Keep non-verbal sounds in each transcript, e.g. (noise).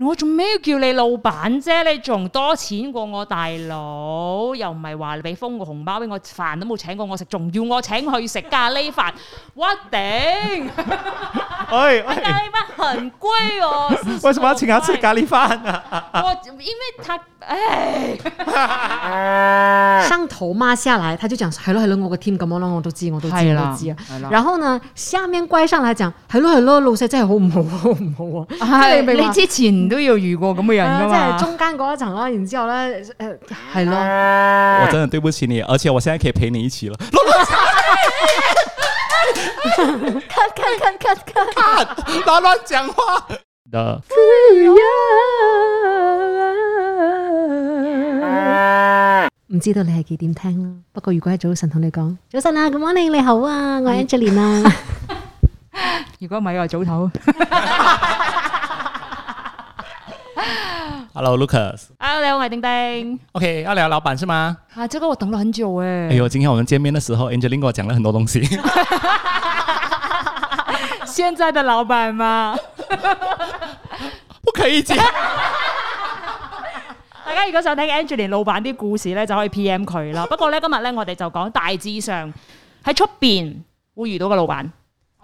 我做咩叫你老闆啫？你仲多錢過我大佬，又唔係話你俾封個紅包俾我，飯都冇請過我食，仲要我請去食咖喱飯？我頂！哎，咖喱飯很貴哦。為什麼要請客食咖喱飯啊？我因為他，哎，上頭罵下來，他就講係咯係咯，我個 team 咁樣咯，我都知，我都知，我都知。然後呢，下面乖上嚟講，係咯係咯，老細真係好唔好，好唔好啊？係你之前。都要遇過咁嘅人噶、啊、即係中間嗰一層、啊、啦，然之後咧，誒，係咯。我真係對不起你，而且我現在可以陪你一起咯。看看看看看，亂講話。唔、啊、知道你係幾點聽啦？不過如果係早晨同你講，早晨啊，Good morning，咁你好啊，我係 Angeline 啦。如果唔係我早唞。 (laughs) Hello Lucas，Hello 你好，我係丁丁，OK，要聊老闆是嗎？啊，這個我等了很久誒、欸。哎呦，今天我們見面的時候，Angeline 跟我講了很多東西。 (laughs) (laughs) 現在的老闆嘛， (laughs) (laughs) 不可以接。 (laughs) (laughs) 大家如果想睇 Angeline 老闆啲故事咧，就可以 P M 佢啦。不過咧，今日咧我哋就講大致上喺出邊會遇到嘅老闆。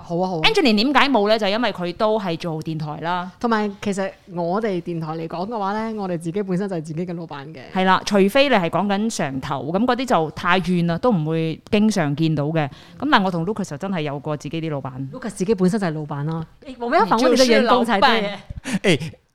好啊，好 Angelina 點解冇咧？就係，因為佢都係做電台啦，同埋其實我哋電台嚟講嘅話咧，我哋自己本身就係自己嘅老闆嘅。係啦，除非你係講緊上頭咁嗰啲就太遠啦，都唔會經常見到嘅。咁、嗯、但係我同 Lucas 就真係有過自己啲老闆，Lucas 自己本身就係老闆咯。冇咩我哋要防住啲員工才對。欸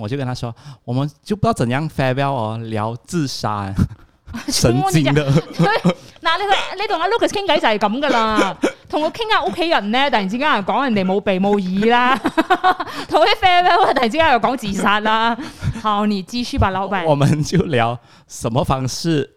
我就跟他說，我們就不知道怎樣發飆哦，聊自殺， (laughs) 神經的。對、 (laughs) 嗯，那那個你同阿 Lucas 傾偈就係咁噶啦，同我傾下屋企人呢，突然之間又講人哋冇避冇耳啦，同我啲發飆，突然之間又講自殺啦。好，你繼續吧，老闆。我們就聊什麼方式？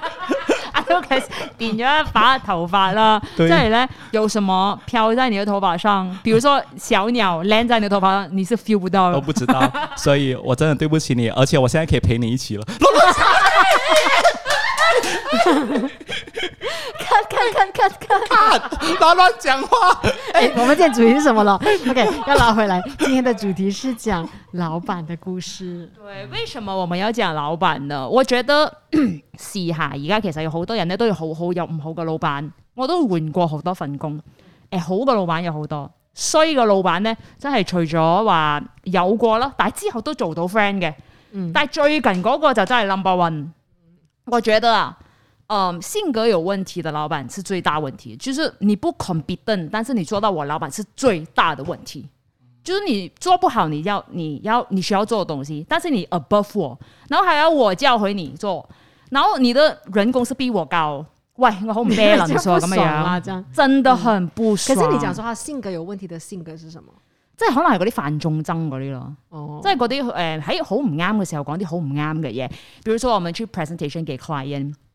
都變咗一把頭髮啦，即係咧，有什麼飄在你的頭髮上，比如說小鳥晾在你的頭髮上，你是 feel 不到的，都不知道，所以我真的對不起你， (laughs) 而且我現在可以陪你一起了。 (laughs) (laughs) (laughs) 看看看，唔好亂講話。誒、欸， (laughs) 我們嘅主題係什麼咯？OK，要拿回來。今天的主題是講老闆的故事。對，為什麼我們要講老闆呢？我覺得 (coughs) 試下，而家其實有好多人咧，都要好好有唔好嘅老闆。我都換過好多份工，嗯、誒，好嘅老闆有好多，衰嘅老闆咧，真係除咗話有過咯，但係之後都做到 friend 嘅。嗯、但係最近嗰個就真係 number one、嗯、我覺得啊。嗯，性格有問題的老闆是最大問題，就是你不 competent，但是你做到我老闆是最大的問題，就是你做不好你要你要你需要做的東西，但是你 above 我，然後還要我教回你做，然後你的人工是比我高，喂，我好唔咩啦，你說話咁樣，樣，真的很不爽。嗯，可是你講說他性格有問題的性格是什麼？即係可能係嗰啲犯眾憎嗰啲咯，即係嗰啲誒喺好唔啱嘅時候講啲好唔啱嘅嘢，比如說我們去 presentation 給 client。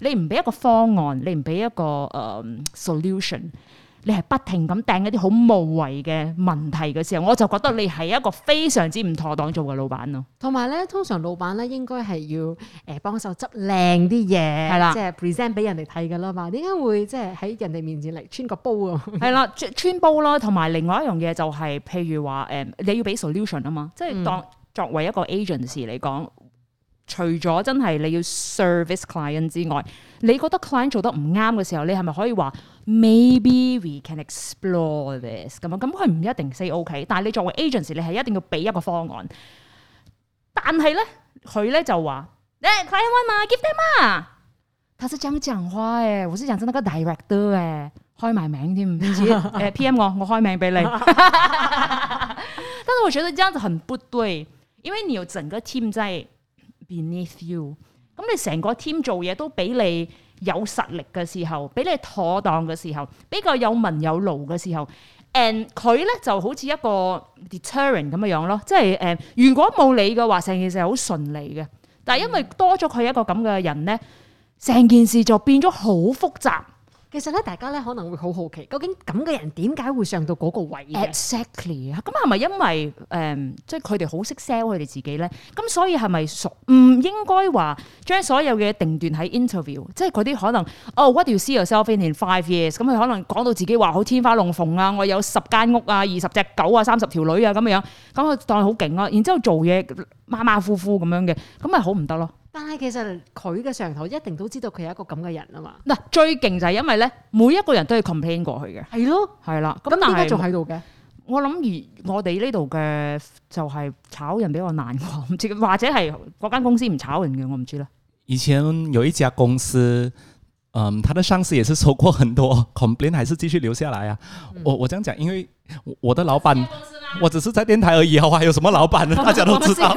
你唔俾一個方案，你唔俾一個誒、嗯、solution，你係不停咁掟一啲好無謂嘅問題嘅時候，我就覺得你係一個非常之唔妥當做嘅老闆咯。同埋咧，通常老闆咧應該係要誒、呃、幫手執靚啲嘢，係啦的，即係 present 俾人哋睇㗎啦嘛。點解會即係喺人哋面前嚟穿個煲啊？係、呃、啦，穿煲啦。同、呃、埋、呃呃呃呃、另外一樣嘢就係、是，譬如話誒、呃，你要俾 solution 啊嘛。即係當、嗯、作為一個 agency 嚟講。除咗真係你要 service client 之外，你覺得 client 做得唔啱嘅時候，你係咪可以話 maybe we can explore this 咁啊？咁佢唔一定 say ok，但係你作為 agent，你係一定要俾一個方案。但係咧，佢咧就話誒，client want 嘛，give them 啊，他是這樣講，話誒，我是講真，那個 director 誒，開埋名添，唔知誒 PM 我，我開名俾你。但是我覺得這樣子很不對，因為你有整個 team 在，beneath you，咁你成個 team 做嘢都俾你有實力嘅時候，俾你妥當嘅時候，比較有文有路嘅時候，and 佢咧就好似一個 deterring 咁嘅樣咯，即係誒，如果冇你嘅話，成件事係好順利嘅，但係因為多咗佢一個咁嘅人咧，成件事就變咗好複雜。其實咧，大家咧可能會好好奇，究竟咁嘅人點解會上到嗰個位？Exactly，咁係咪因為誒，即係佢哋好識 sell 佢哋自己咧？咁所以係咪唔應該話將所有嘅定段喺 interview？即係佢啲可能哦，Oh, what do you see yourself in, in five years？咁佢可能講到自己話好天花龍鳳啊，我有十間屋啊，二十隻狗啊，三十條女啊咁樣，咁佢當好勁咯。然之後做嘢馬馬虎虎咁樣嘅，咁咪好唔得咯？但係其實佢嘅上頭一定都知道佢係一個咁嘅人啊嘛。嗱，最勁就係因為咧，每一個人都要 complain 過去嘅。係咯，係啦。咁點解仲喺度嘅？我諗而我哋呢度嘅就係炒人比較難啩，唔知或者係嗰間公司唔炒人嘅，我唔知啦。以前有一家公司，嗯、呃，他的上司也是收過很多 complain，還是繼續留下來啊？我、嗯、我這樣講，因為我的老闆，我只是在電台而已，我還有什麼老闆？大家都知道。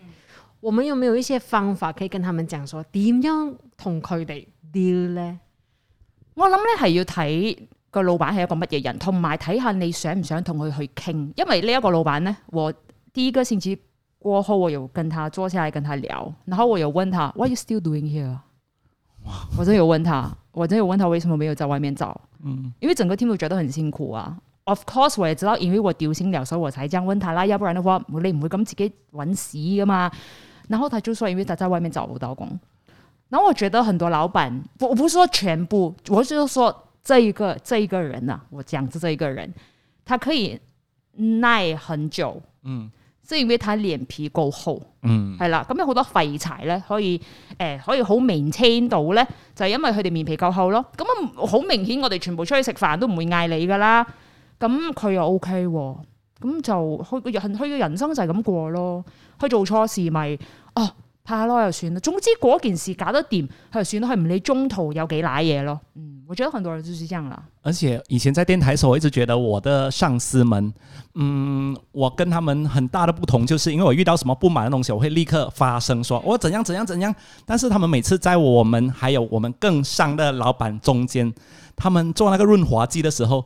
我們有冇一些方法可以跟他們講，說點樣同佢哋 deal 咧？我諗咧係要睇個老闆係一個乜嘢人，同埋睇下你想唔想同佢去傾。因為呢一個老闆咧，我第一個星期過後，我又跟他坐車，跟他聊。然後我又問他 What are you still doing here？哇我真係有問他，我真係有問他為什麼沒有在外面做？嗯，因為整個 team 都覺得很辛苦啊。Of course，我也知道，因為我調薪了，所以我才這樣問他啦。要不然的話，你唔會咁自己搵屎噶嘛。然後他就說，因為他在外面找不到工。然後我覺得很多老闆，我我不是說全部，我就是說這一個這一個人啊，我講住這一個人，他可以耐很久，嗯，是因為他臉皮夠厚，嗯，係啦，咁有好多廢柴咧，可以誒、呃、可以好 maintain 到咧，就係因為佢哋面皮夠厚咯。咁啊好明顯，我哋全部出去食飯都唔會嗌你噶啦，咁佢又 O K 喎。咁就去佢人去佢人生就係咁過咯，去做錯事咪哦、啊，怕咯又算啦。總之嗰件事搞得掂，佢就算啦，佢唔理中途有幾賴嘢咯。嗯，我覺得很多人就是這樣啦。而且以前在電台的時候，我一直覺得我的上司們，嗯，我跟他們很大的不同，就是因為我遇到什麼不滿嘅東西，我會立刻發聲，說我怎樣怎樣怎樣。但是他們每次在我們還有我們更上的老闆中間，他們做那個潤滑劑的時候。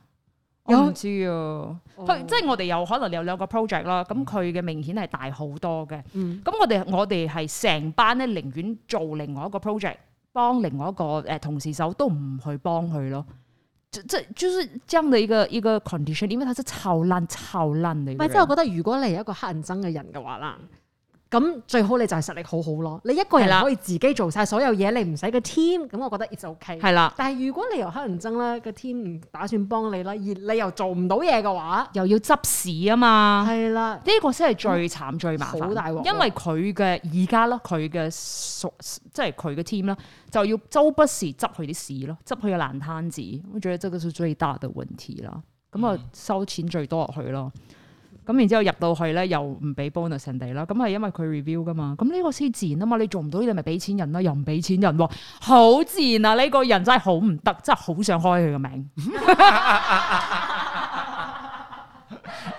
唔知啊，oh, oh. 即係我哋有可能有兩個 project 啦，咁佢嘅明顯係大好多嘅。咁、mm. 我哋我哋係成班咧，寧願做另外一個 project，幫另外一個誒、呃、同事手，都唔去幫佢咯。即即係就是這樣的一個一個 condition，點解睇是臭爛臭爛嚟。唔係，即係我覺得如果你係一個黑人憎嘅人嘅話啦。咁最好你就係實力好好咯，你一個人可以自己做晒所有嘢，你唔使個 team，咁我覺得亦就 OK 的。係啦，但係如果你由黑人憎咧、個 team 唔打算幫你啦，而你又做唔到嘢嘅話，又要執屎啊嘛。係啦的，呢個先係最慘、嗯、最麻煩，因為佢嘅而家咧，佢嘅即係佢嘅 team 啦，就要周不時執佢啲屎咯，執佢嘅爛攤子。我覺得呢個係最大嘅問題啦，咁啊收錢最多落去咯。咁然之後入到去咧又唔俾 bonus 人哋啦，咁係因為佢 review 噶嘛，咁、這、呢個先自然啊嘛，你做唔到呢，你咪俾錢人咯、啊，又唔俾錢人喎、啊，好自然啊！呢個人真係好唔得，真係好想開佢個名。 (laughs) (laughs) (laughs)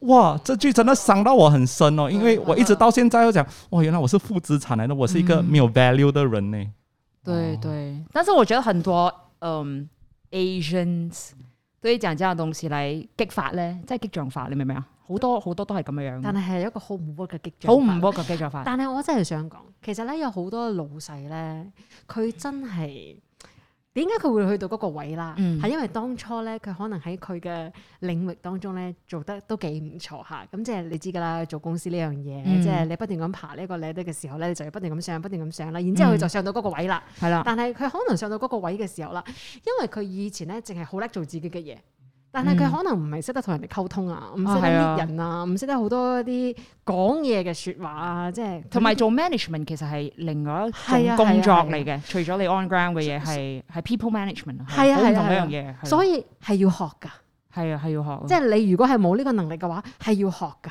哇！這句真的傷到我很深哦，因為我一直到現在都講，哇，原來我是負資產嚟的，嗯、我是一個沒有 value 的人呢。對對，哦、但是我覺得很多嗯、呃、Asians 對於講呢樣東西嚟激發咧，即係激將法，你明唔明啊？好多好多都係咁樣的，但係係一個好唔 work 嘅激將，好唔 work 嘅激將法。但係我真係想講，其實咧有好多老細咧，佢真係。點解佢會去到嗰個位啦？係、嗯、因為當初咧，佢可能喺佢嘅領域當中咧做得都幾唔錯吓。咁即係你知噶啦，做公司呢樣嘢，即係、嗯、你不斷咁爬呢個 level 嘅時候咧，你就要不斷咁上，不斷咁上啦。然之後佢就上到嗰個位啦。係啦，但係佢可能上到嗰個位嘅時候啦，是的 因為佢以前咧淨係好叻做自己嘅嘢。但係佢可能唔係識得同人哋溝通啊，唔識得啲人啊，唔識得好多啲講嘢嘅說話啊，即係同埋做 management 其實係另外一種工作嚟嘅。除咗你 on ground 嘅嘢係係 people management，好唔同一樣嘢，所以係要學㗎。係啊，係要學，即係你如果係冇呢個能力嘅話，係要學㗎。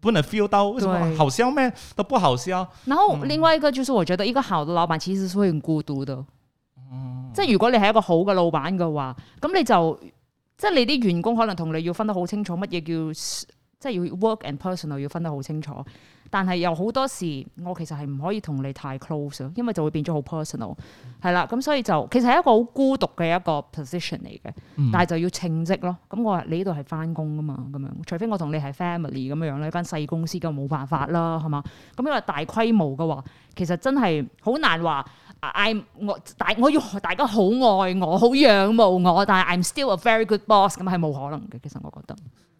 不能 feel 到，為什麼好笑咩都不好笑。然後另外一個就是，我覺得一個好的老闆其實是會很孤獨的。嗯、即係如果你係一個好嘅老闆嘅話，咁你就即係你啲員工可能同你要分得好清楚，乜嘢叫即係要 work and personal 要分得好清楚。但係又好多時，我其實係唔可以同你太 close 咯，因為就會變咗好 personal，係啦。咁所以就其實係一個好孤獨嘅一個 position 嚟嘅，嗯、但係就要稱職咯。咁我話你呢度係返工㗎嘛，咁樣除非我同你係 family 咁樣咧，一間細公司咁冇辦法啦，係嘛？咁因為大規模嘅話，其實真係好難話，I 我大我要大家好愛我，好仰慕我，但係 I'm still a very good boss 咁係冇可能嘅。其實我覺得。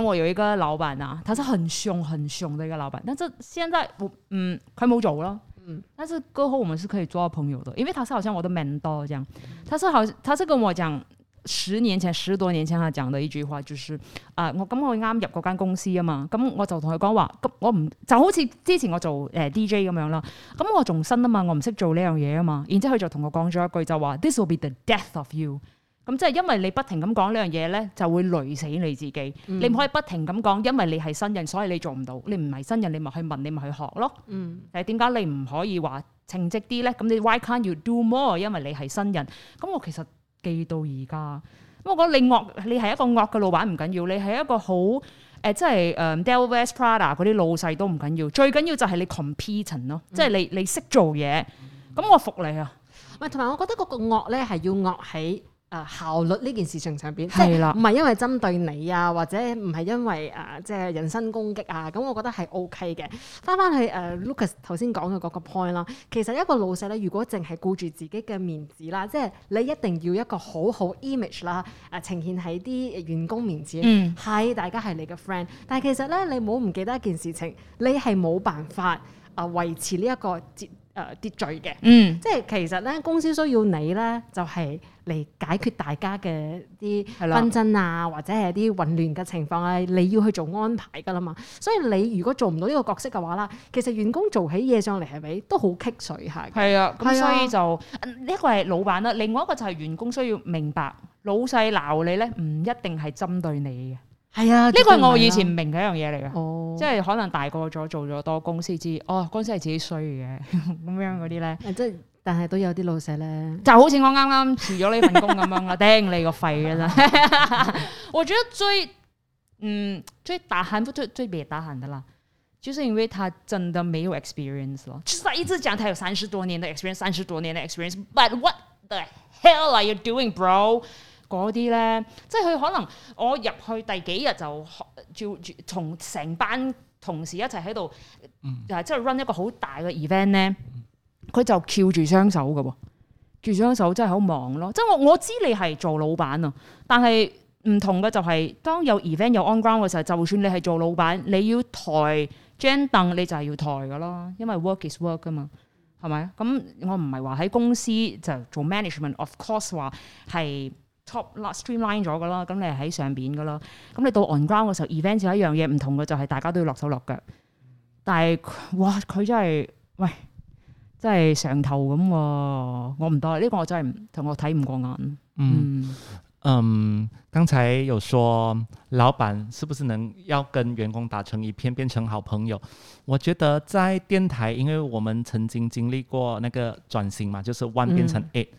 我有一個老闆啊，他是很兇、很兇的一個老闆，但是現在我嗯佢冇做咯，嗯，他做嗯但是過後我們是可以做朋友的，因為他是好像我的 mentor 這樣，嗯、他是好，他是跟我講十年前、十多年前，他講的一句話，就是啊，我咁、嗯、我啱入嗰間公司啊嘛，咁、嗯、我就同佢講話，咁、嗯、我唔就好似之前我做誒、呃、DJ 咁樣啦，咁、嗯嗯嗯、我仲新啊嘛，我唔識做呢樣嘢啊嘛，然之後佢就同我講咗一句就話 This will be the death of you。咁即係因為你不停咁講呢樣嘢咧，就會累死你自己。你唔可以不停咁講，因為你係新人，所以你做唔到。你唔係新人，你咪去問，你咪去學咯。誒，點解你唔可以話稱職啲咧？咁你 Why can't you do more？因為你係新人。咁我其實記到而家，咁我覺得你惡，你係一個惡嘅老闆唔緊要，你係一個好誒，即係誒 Devil's Prada 嗰啲老細都唔緊要。最緊要就係你 competent 咯，即係你你識做嘢。咁我服你啊！唔係，同埋我覺得嗰個惡咧係要惡喺。誒效率呢件事情上邊，即係唔係因為針對你啊，或者唔係因為誒即係人身攻擊啊？咁我覺得係 OK 嘅。翻返去誒 Lucas 頭先講嘅嗰個 point 啦，其實一個老細咧，如果淨係顧住自己嘅面子啦，即係你一定要一個好好 image 啦，誒呈現喺啲員工面前，係、嗯、大家係你嘅 friend。但係其實咧，你冇唔記得一件事情，你係冇辦法誒維持呢、這、一個。誒秩序嘅，呃、嗯，即係其實咧公司需要你咧，就係、是、嚟解決大家嘅啲紛爭啊，的或者係啲混亂嘅情況啊，你要去做安排噶啦嘛。所以你如果做唔到呢個角色嘅話啦，其實員工做起嘢上嚟係咪都好棘水下？係啊的，咁所以就的一個係老闆啦，另外一個就係員工需要明白老細鬧你咧，唔一定係針對你嘅。係啊，呢個係我以前唔明嘅一樣嘢嚟噶，oh, 即係可能大個咗做咗多公司知，哦，公司係自己衰嘅咁樣嗰啲咧，即 (laughs) 係 (music) 但係都有啲老細咧，就好似我啱啱辭咗呢份工咁樣，我頂你個肺噶咋！ (music) (music) (music) (laughs) 我覺得最嗯最打喊最最唔打喊的啦，就是因為他真的沒有 experience 咯，其實一直講他有三十多年的 experience，三十多年嘅 experience，but (music) what the hell are you doing, bro？.嗰啲咧，即係佢可能我入去第幾日就照從成班同事一齊喺度，啊、嗯，即係 run 一個好大嘅 event 咧，佢、嗯、就翹住雙手嘅喎，住雙手真係好忙咯。即係我我知你係做老闆啊，但係唔同嘅就係當有 event 有 on ground 嘅時候，就算你係做老闆，你要抬張凳你就係要抬嘅啦，因為 work is work 噶嘛，係咪啊？咁我唔係話喺公司就做 management of course 話係。Top 啦 streamline 咗噶啦，咁你喺上邊噶啦，咁你到 on ground 嘅時候、mm hmm. event 有一樣嘢唔同嘅就係、是、大家都要落手落腳。但係哇佢真係喂真係上頭咁，我唔多，呢、這個我真係同我睇唔過眼。嗯嗯，嗯，剛才有說，老闆是不是能要跟員工打成一片，變成好朋友？我覺得在電台，因為我們曾經經歷過那個轉型嘛，就是 one 變成 eight、嗯。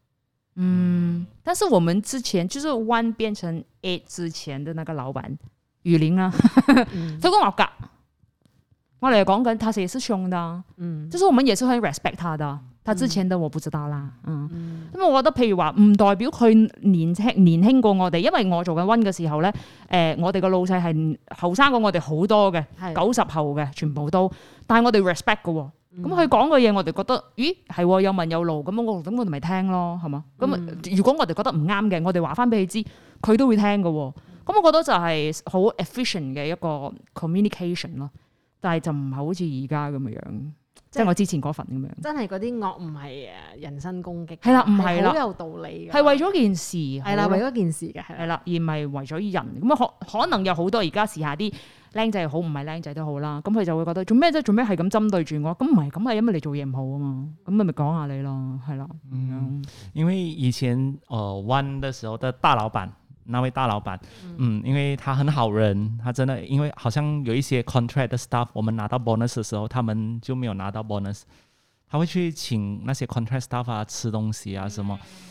嗯，但是我們之前就是 One 變成 eight 之前的那個老闆雨玲啊，都咁合格。我哋講緊，他是也是凶的，嗯，就是我們也是很 respect 他的，他之前的我不知道啦、嗯嗯嗯，嗯，嗯嗯嗯，因為我覺得譬如話唔代表佢年輕年輕過我哋，因為我做緊 One 嘅時候咧，誒、呃，我哋個老細係後生過我哋好多嘅，九十的後嘅，全部都，但係我哋 respect 嘅、哦。咁佢講嘅嘢，我哋覺得，咦，係有紋有路。咁我咁我哋咪聽咯，係嘛？咁、嗯、如果我哋覺得唔啱嘅，我哋話翻俾佢知，佢都會聽嘅。咁、嗯嗯、我覺得就係好 efficient 嘅一個 communication 咯、嗯。但係就唔係好似而家咁嘅樣，即係我之前嗰份咁樣。真係嗰啲惡，唔係啊人身攻擊，係啦，唔係啦，好有道理嘅，係為咗件事，係啦，為咗件事嘅，係啦，而唔係為咗人。咁可可能有好多而家時下啲。靚仔好唔係靚仔都好啦，咁、嗯、佢、嗯、就會覺得做咩啫？做咩係咁針對住我？咁唔係咁係因為你做嘢唔好啊嘛，咁咪咪講下你咯，係啦。嗯，因為以前誒 One、呃、時候嘅大老闆，那位大老闆，嗯，嗯，因為他很好人，他真的因為好像有一些 contract staff，我們拿到 bonus 嘅時候，他們就沒有拿到 bonus，他會去請那些 contract staff 啊吃東西啊什麼。嗯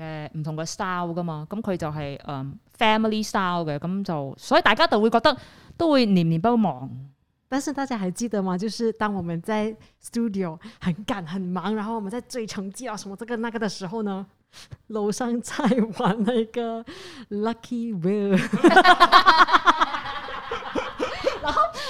誒，唔同嘅 style 噶嘛，咁、嗯、佢就係、是、誒、um, family style 嘅，咁、嗯、就所以大家就會覺得都會念念不忘。但是大家還記得嗎？就是當我們在 studio 很趕很忙，然後我們在追成績啊，什麼這個那個的時候呢，樓上在玩嗰個 Lucky Wheel (laughs) (laughs)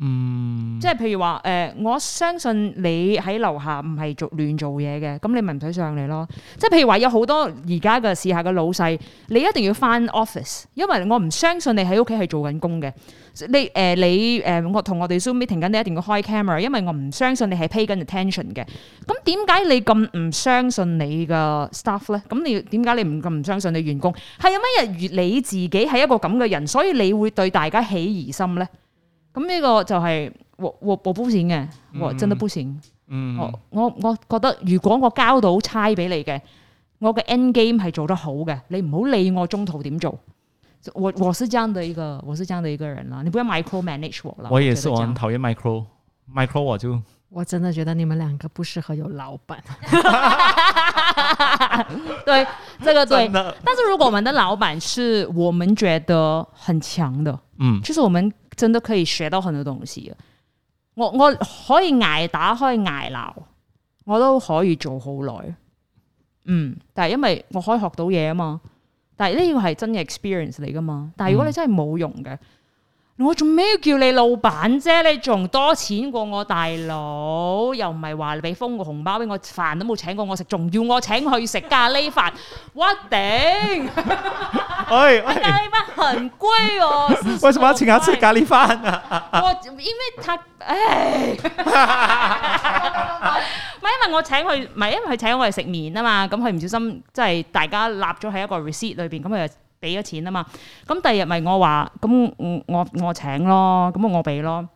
嗯，即係譬如話誒、呃，我相信你喺樓下唔係做亂做嘢嘅，咁你咪唔使上嚟咯。即係譬如話有好多而家嘅試下嘅老細，你一定要返 office，因為我唔相信你喺屋企係做緊工嘅。你誒、呃，你誒、呃，我同我哋 Zoom meeting 緊，你一定要開 camera，因為我唔相信你係 pay 緊 attention 嘅。咁點解你咁唔相信你嘅 staff 咧？咁你點解你唔咁唔相信你員工？係有乜嘢？你自己係一個咁嘅人，所以你會對大家起疑心咧？.咁呢個就係我我 bullshit 嘅，我，嗯、我真的不行。嗯、我我我覺得如果我交到差俾你嘅，我嘅 end game 係做得好嘅，你唔好理我中途點做。我我是這樣的一個，我是這樣的一個人啦。你不要 micro manage 我啦。我也是我，我很討厭 micro，micro 我就。我真的覺得你們兩個不適合有老闆。對，這個對。的但是如果我們的老闆是我們覺得很強的，嗯，就是我們。真都可以學到很多東西啊。我我可以挨打，可以挨鬧，我都可以做好耐。嗯，但係因為我可以學到嘢啊嘛，但係呢個係真嘅 experience 嚟噶嘛，但係如果你真係冇用嘅。嗯我做咩叫你老闆啫？你仲多錢過我大佬，又唔係話你俾封個紅包俾我飯，飯都冇請過我食，仲要我請佢食咖喱飯？我頂喂！咖喱飯很貴喎，什啊、喂為什麼要請阿食咖喱飯啊？我因為太唉，唔係 (laughs) 因為我請佢，唔係因為佢請我哋食麵啊嘛，咁佢唔小心即係大家立咗喺一個 receipt 裏邊，咁佢又。俾咗錢啊嘛，咁第二日咪我話，咁我我我請咯，咁我我俾咯，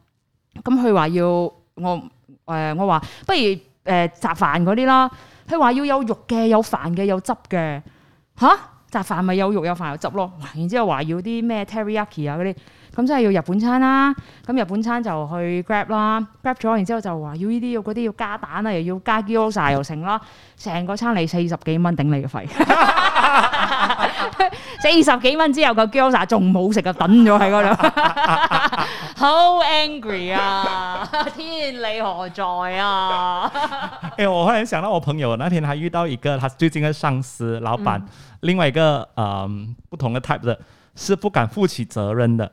咁佢話要我誒、呃、我話不如誒、呃、雜飯嗰啲啦，佢話要有肉嘅有飯嘅有汁嘅，嚇雜飯咪有肉有飯有汁咯，哇！然之後話要啲咩 Teriyaki 啊嗰啲。咁即係要日本餐啦，咁日本餐就去 Grab 啦，Grab 咗，然之後就話要呢啲要嗰啲要加蛋啊，又要加 gyoza 又成啦，成個餐你四十幾蚊頂你個肺，四十幾蚊之後個 gyoza 仲唔好食啊，等咗喺嗰度，好 (laughs) angry 啊，天理何在啊？誒、 (laughs) 欸，我忽然想到我朋友那天，他遇到一個，他最近嘅上司、老闆，嗯、另外一個嗯、呃、不同嘅 type，是是不敢負起責任的。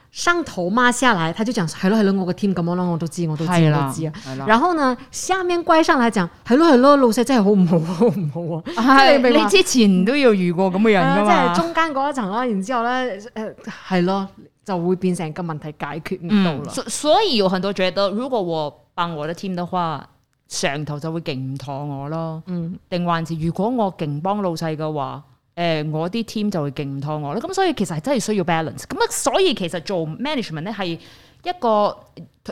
上頭罵下來，他就講：係咯係咯，我個 team 咁樣咯，我都知我都知了我都知啊。了然後呢，下面乖上來講：係咯係咯，老細真係好唔好好唔好啊！你你之前都要遇過咁嘅人噶，即係中間嗰一層啦。然之後咧，誒，係咯，就會變成個問題解決唔到啦。所以有很多覺得，如果我幫我的 team 的話，上頭就會勁唔妥我咯。嗯，定還是如果我勁幫老細嘅話。誒、呃，我啲 team 就會勁拖我啦，咁所以其實真係需要 balance。咁啊，所以其實做 management 咧係一個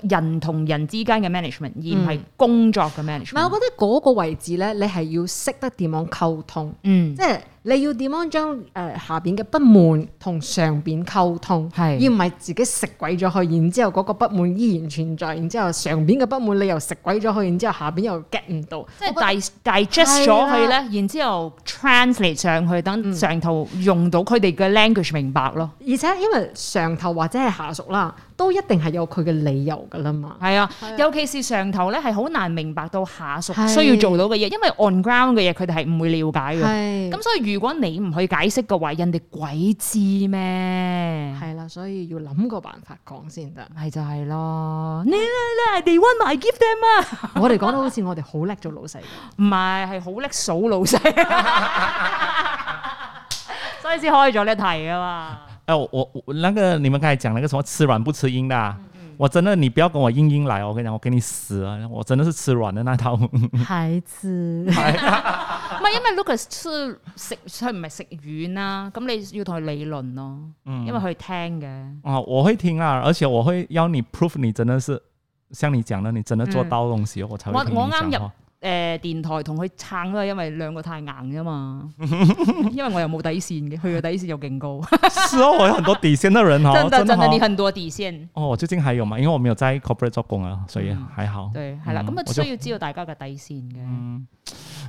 人同人之間嘅 management，而唔係工作嘅 management、嗯。我覺得嗰個位置咧，你係要識得點樣溝通，嗯，即係你要點樣將誒、呃、下邊嘅不滿同上邊溝通，係是，而唔係自己食鬼咗去，然之後嗰個不滿依然存在，然之後上邊嘅不滿你又食鬼咗去，的然之後下邊又 get 唔到，即係 digest 咗佢咧，然之後 translate 上去，等上頭用到佢哋嘅 language 明白咯、嗯。而且因為上頭或者係下屬啦，都一定係有佢嘅理由。噶啦嘛，係啊，尤其是上頭咧，係好難明白到下屬需要做到嘅嘢，的因為 on ground 嘅嘢，佢哋係唔會了解嘅。咁的，所以如果你唔去解釋嘅話，人哋鬼知咩？係啦，所以要諗個辦法講先得。係就係咯，你咧，你係 the one I give them 啊。我哋講得好似我哋好叻做老細，唔係係好叻數老細，所以先開咗呢一題啊嘛。誒、哎，我我那個你們剛才講那個什麼吃軟不吃硬啦。嗯我真的，你不要跟我硬硬來，我跟你講，我跟你死，我真的是吃軟的那套。孩子，因為因為 Lucas 吃食，所以唔係食軟啦，咁你要同佢理論咯，因為佢聽嘅。哦、嗯嗯，我會聽啊，而且我會要你 proof，你真的是像你講的，你真的做到的東西，嗯、我才會聽你講話。誒、呃，電台同佢撐都係，因為兩個太硬嘅嘛。 (laughs) 因為我又冇底線嘅，佢嘅底線又勁高。所 (laughs) 以、哦、我有很多底線嘅人、哦， (laughs) 真的真的真的你很多底線。哦，我最近還有嘛？因為我沒有在 Corporate 做工啊，所以還好。嗯、對，係、嗯、啦，咁啊，需要知道大家嘅底線嘅、嗯。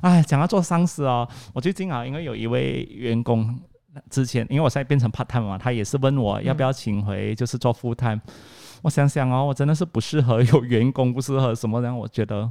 唉，講到做上司啊、哦，我最近啊，因為有一位員工之前，因為我現在變成 part time 嘛，他也是問我要不要請回，就是做 full time。嗯、我想想哦，我真的是不適合有員工，不適合什麼人，我覺得。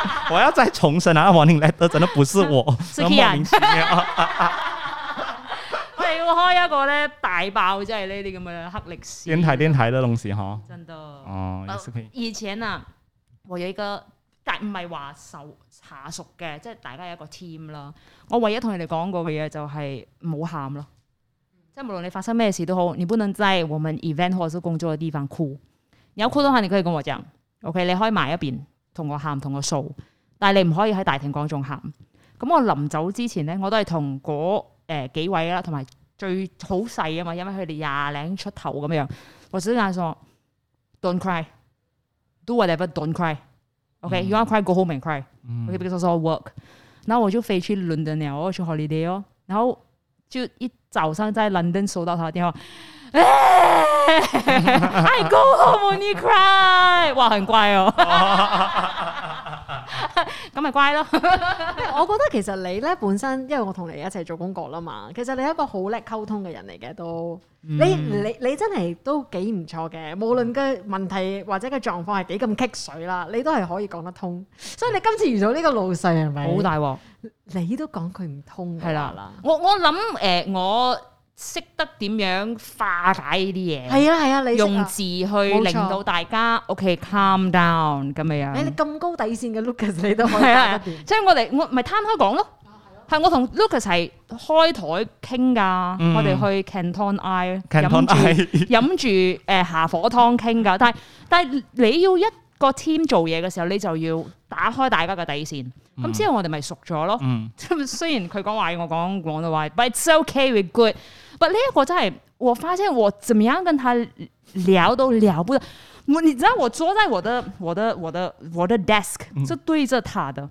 (laughs) 我要再重申啊，王寧來得真的不是我，我哋要開一個咧大爆，即係呢啲咁嘅黑歷史。電台電台的東西嗬，真的哦，ok。以以前啊，我有一個，但唔係話受下屬嘅，即、就、係、是、大家有一個 team 啦。我唯一同你哋講過嘅嘢就係唔好喊咯，即係、嗯、無論你發生咩事都好，你不能在我們 event 或者工作嘅地方哭。你要哭嘅話，你可以跟我講、嗯、，ok，你開埋一邊。同我喊同我數，但係你唔可以喺大庭廣眾喊。咁我臨走之前咧，我都係同嗰誒幾位啦，同埋最好細啊嘛，因為佢哋廿零出頭咁樣，我只眼說，don't cry，do whatever，don't cry，ok，you、okay? 嗯、want cry go home and cry，ok，because it's also work，、嗯、然後我就飛去倫敦啊，我去 holiday 哦，然後就一早上在倫敦收到佢嘅電話。I go home when you cry，哇，很乖哦，咁咪乖咯。我覺得其實你咧本身，因為我同你一齊做功課啦嘛，其實你係一個好叻溝通嘅人嚟嘅都，你你你真係都幾唔錯嘅。無論個問題或者個狀況係幾咁棘水啦，你都係可以講得通。所以你今次遇到呢個老細係咪好大鑊？你都講佢唔通係啦。我我諗誒，我。識得點樣化解呢啲嘢？係啊，係啊，你用字去令到大家錯 OK calm down 咁樣。誒，你咁高底線嘅 Lucas，你都可以。係啊，即係、啊、我哋我咪攤開講咯。係我同 Lucas 係開台傾㗎，嗯、我哋去 Canton Eye 飲住飲住誒下火湯傾㗎，但係但係你要一。個 team 做嘢嘅時候，你就要打開大家嘅底線，咁之後我哋咪熟咗咯。嗯、 (laughs) 雖然佢講話，我講講到話，but it's okay, we're good But,、欸。But 呢個真係，我發現我怎麼樣跟他聊都聊唔到。你知道我坐在我的、我的、我的、我的 desk 就對着他的。嗯。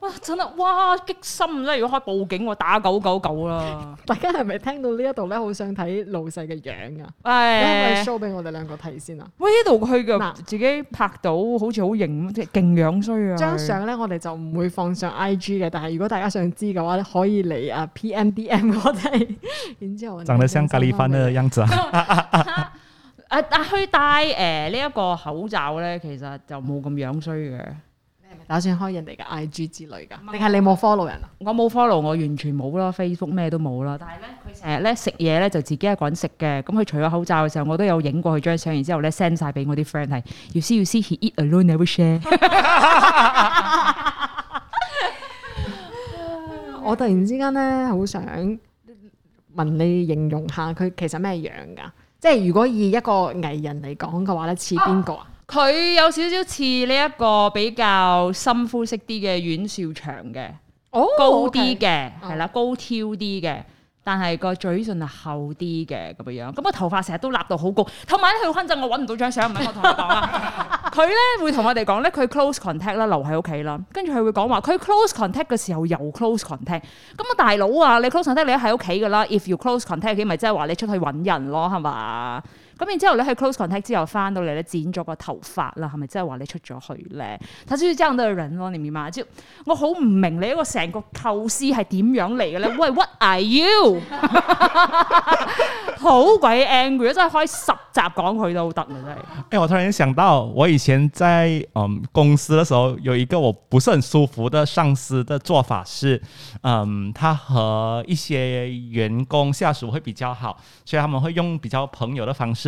哇！真啊！哇！激心咧！如果開報警，我打九九九啦！大家係咪聽到呢一度咧，好想睇老細嘅樣啊？show 俾我哋兩個睇先啦！喂、啊，呢度佢嘅自己拍到好似好型，即係勁樣衰啊！張相咧，我哋就唔會放上 IG 嘅。但係如果大家想知嘅話，可以嚟啊 PMDM 嗰度。那個、 (laughs) 然之後，長得像咖喱飯嘅樣子啊！啊啊去戴誒呢一個口罩咧，其實就冇咁樣衰嘅。打算開人哋嘅 IG 之類㗎，定係你冇 follow 人啊？我冇 follow，我完全冇啦，Facebook 咩都冇啦。但係咧，佢成日咧食嘢咧就自己一個人食嘅。咁佢除咗口罩嘅時候，我都有影過佢張相，然之後咧 send 晒俾我啲 friend 係。要 C 要 C，he eat alone, never share。我突然之間咧，好想問你形容下佢其實咩樣㗎？即係如果以一個藝人嚟講嘅話咧，似邊個啊？佢有少少似呢一個比較深膚色啲嘅阮兆祥嘅，哦、高啲嘅，係啦白，的高挑啲嘅，嗯、但係個嘴唇係厚啲嘅咁嘅樣。咁我頭髮成日都立到好高。同埋咧，去到深圳我揾唔到張相，唔係 (laughs) 我同你講啊。佢咧 (laughs) 會同我哋講咧，佢 close contact 啦，留喺屋企啦。跟住佢會講話，佢 close contact 嘅時候又 close contact。咁啊大佬啊，你 close contact 你都喺屋企㗎啦。 (laughs) If you close contact，你咪即係話你出去揾人咯，係嘛？咁然之後咧，去 close contact 之後翻到嚟咧，剪咗個頭髮啦，係咪即係話你出咗去咧？但係最憎都係人咯，你明唔明啊？即係我好唔明你一個成個構思係點樣嚟嘅咧？ (laughs) 喂，what are you？好鬼 angry！真係開十集講佢都得嘅，真係誒、欸、我突然間想到，我以前在嗯公司嘅時候，有一個我不是很舒服的上司的做法是，嗯，他和一些員工、下屬會比較好，所以他們會用比較朋友的方式。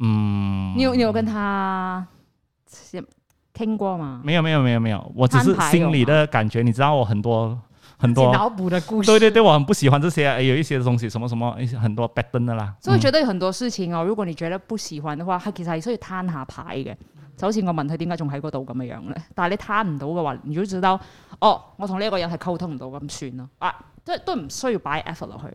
嗯，你有你有跟他聽過嗎？沒有沒有沒有沒有，我只是心裏的感覺，你知道我很多很多腦補的故事，對對對我很不喜歡這些、哎，有一些東西，什麼什麼一些很多 bad 的啦，所以覺得有很多事情哦，嗯、如果你覺得不喜歡的話，其實係需要攤下牌嘅，就好似我問佢點解仲喺嗰度咁嘅樣咧，但係你攤唔到嘅話，你就知道哦，我同呢一個人係溝通唔到咁算咯，啊即都唔需要擺 effort 落去。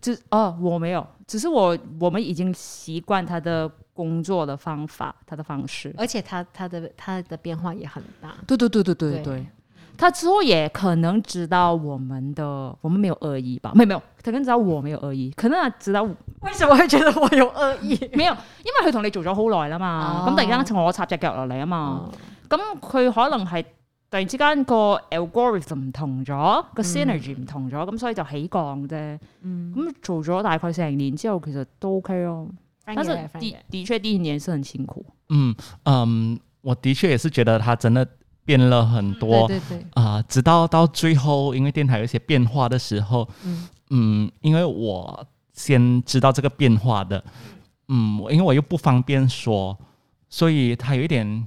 只哦，我沒有，只是我我們已經習慣他的工作的方法，他的方式，而且他他的他的變化也很大。對對對對對對，對對對對他之後也可能知道我們的，我們沒有惡意吧？沒有沒有，他可能知道我沒有惡意，可能他知道我為什麼會覺得我有惡意？有惡意沒有，因為他同你做咗好耐啦嘛，咁突然間我插隻腳落嚟啊嘛，咁佢、嗯嗯、可能係。突然之間個 algorithm 唔同咗，個、嗯、synergy 唔同咗，咁所以就起降啫。咁、嗯、做咗大概成年之後，其實都 OK 咯。但是的的確第一年是很辛苦。嗯嗯，我的確也是覺得他真的變了很多。對對對。啊、嗯呃，直到到最後，因為電台有一些變化的時候，嗯，嗯，因為我先知道這個變化的，嗯，因為我又不方便說，所以他有一點。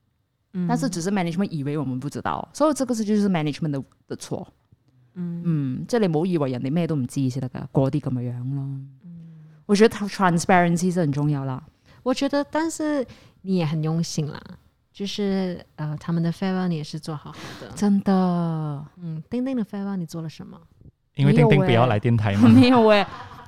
但是只是 management 以為我們不知道，嗯、所以這個事就是 management 的的錯。嗯，嗯，這裏你唔以為人哋咩都唔知先得噶，嗰啲咁樣咯。嗯，我覺得 transparency 是很重要啦。我覺得，但是你也很用心啦，就是，呃，他們的 feedback 你也是做好好的。真的，嗯，釘釘的 feedback 你做了什麼？因為釘釘不要來電台嗎？沒有誒。 (laughs)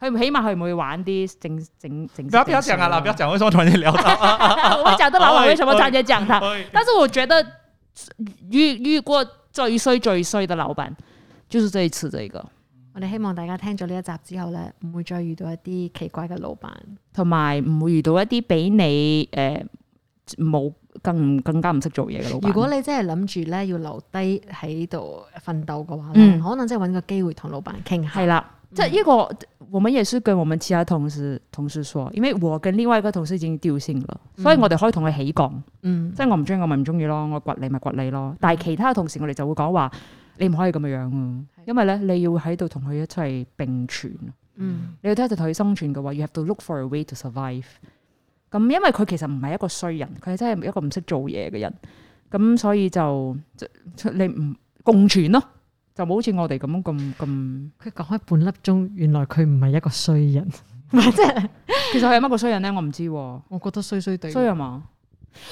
佢起碼，佢唔會玩啲正正正。正正正正啊、不要 (laughs) 不啊！啦，我講到老闆為什麼突然間講他？啊啊、但是我覺得遇遇過最衰最衰嘅老闆就是這一次這個。我哋希望大家聽咗呢一集之後咧，唔會再遇到一啲奇怪嘅老闆，同埋唔會遇到一啲比你誒冇、呃、更更加唔識做嘢嘅老闆。如果你真係諗住咧要留低喺度奮鬥嘅話，嗯，可能真係搵個機會同老闆傾係啦。即係呢個，我們也是跟我們其他同事同事說，因為和跟另外一個同事已經掉線了，所以我哋可以同佢起講。嗯、即係我唔中意，我咪唔中意咯，我掘你咪掘你咯。但係其他同事我哋就會講話，你唔可以咁樣樣，因為咧你要喺度同佢一齊並存。嗯、你要喺度同佢生存嘅話，you have to look for a way to survive。咁因為佢其實唔係一個衰人，佢係真係一個唔識做嘢嘅人。咁所以就，你唔共存咯。就冇好似我哋咁樣咁咁，佢講開半粒鐘，原來佢唔係一個衰人，即係其實係乜個衰人咧？我唔知，我覺得衰衰哋。衰啊嘛？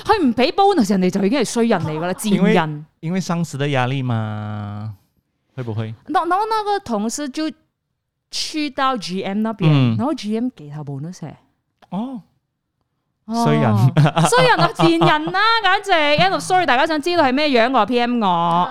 佢唔俾 bonus，人哋就已經係衰人嚟噶啦，賤人。因為生死的壓力嘛，會不會？那那我那個同事就去到 GM 那邊，然後 GM 給他 bonus 誒。哦，衰人，衰人啊賤人啦，簡直。因為 sorry，大家想知道係咩樣個 PM 我。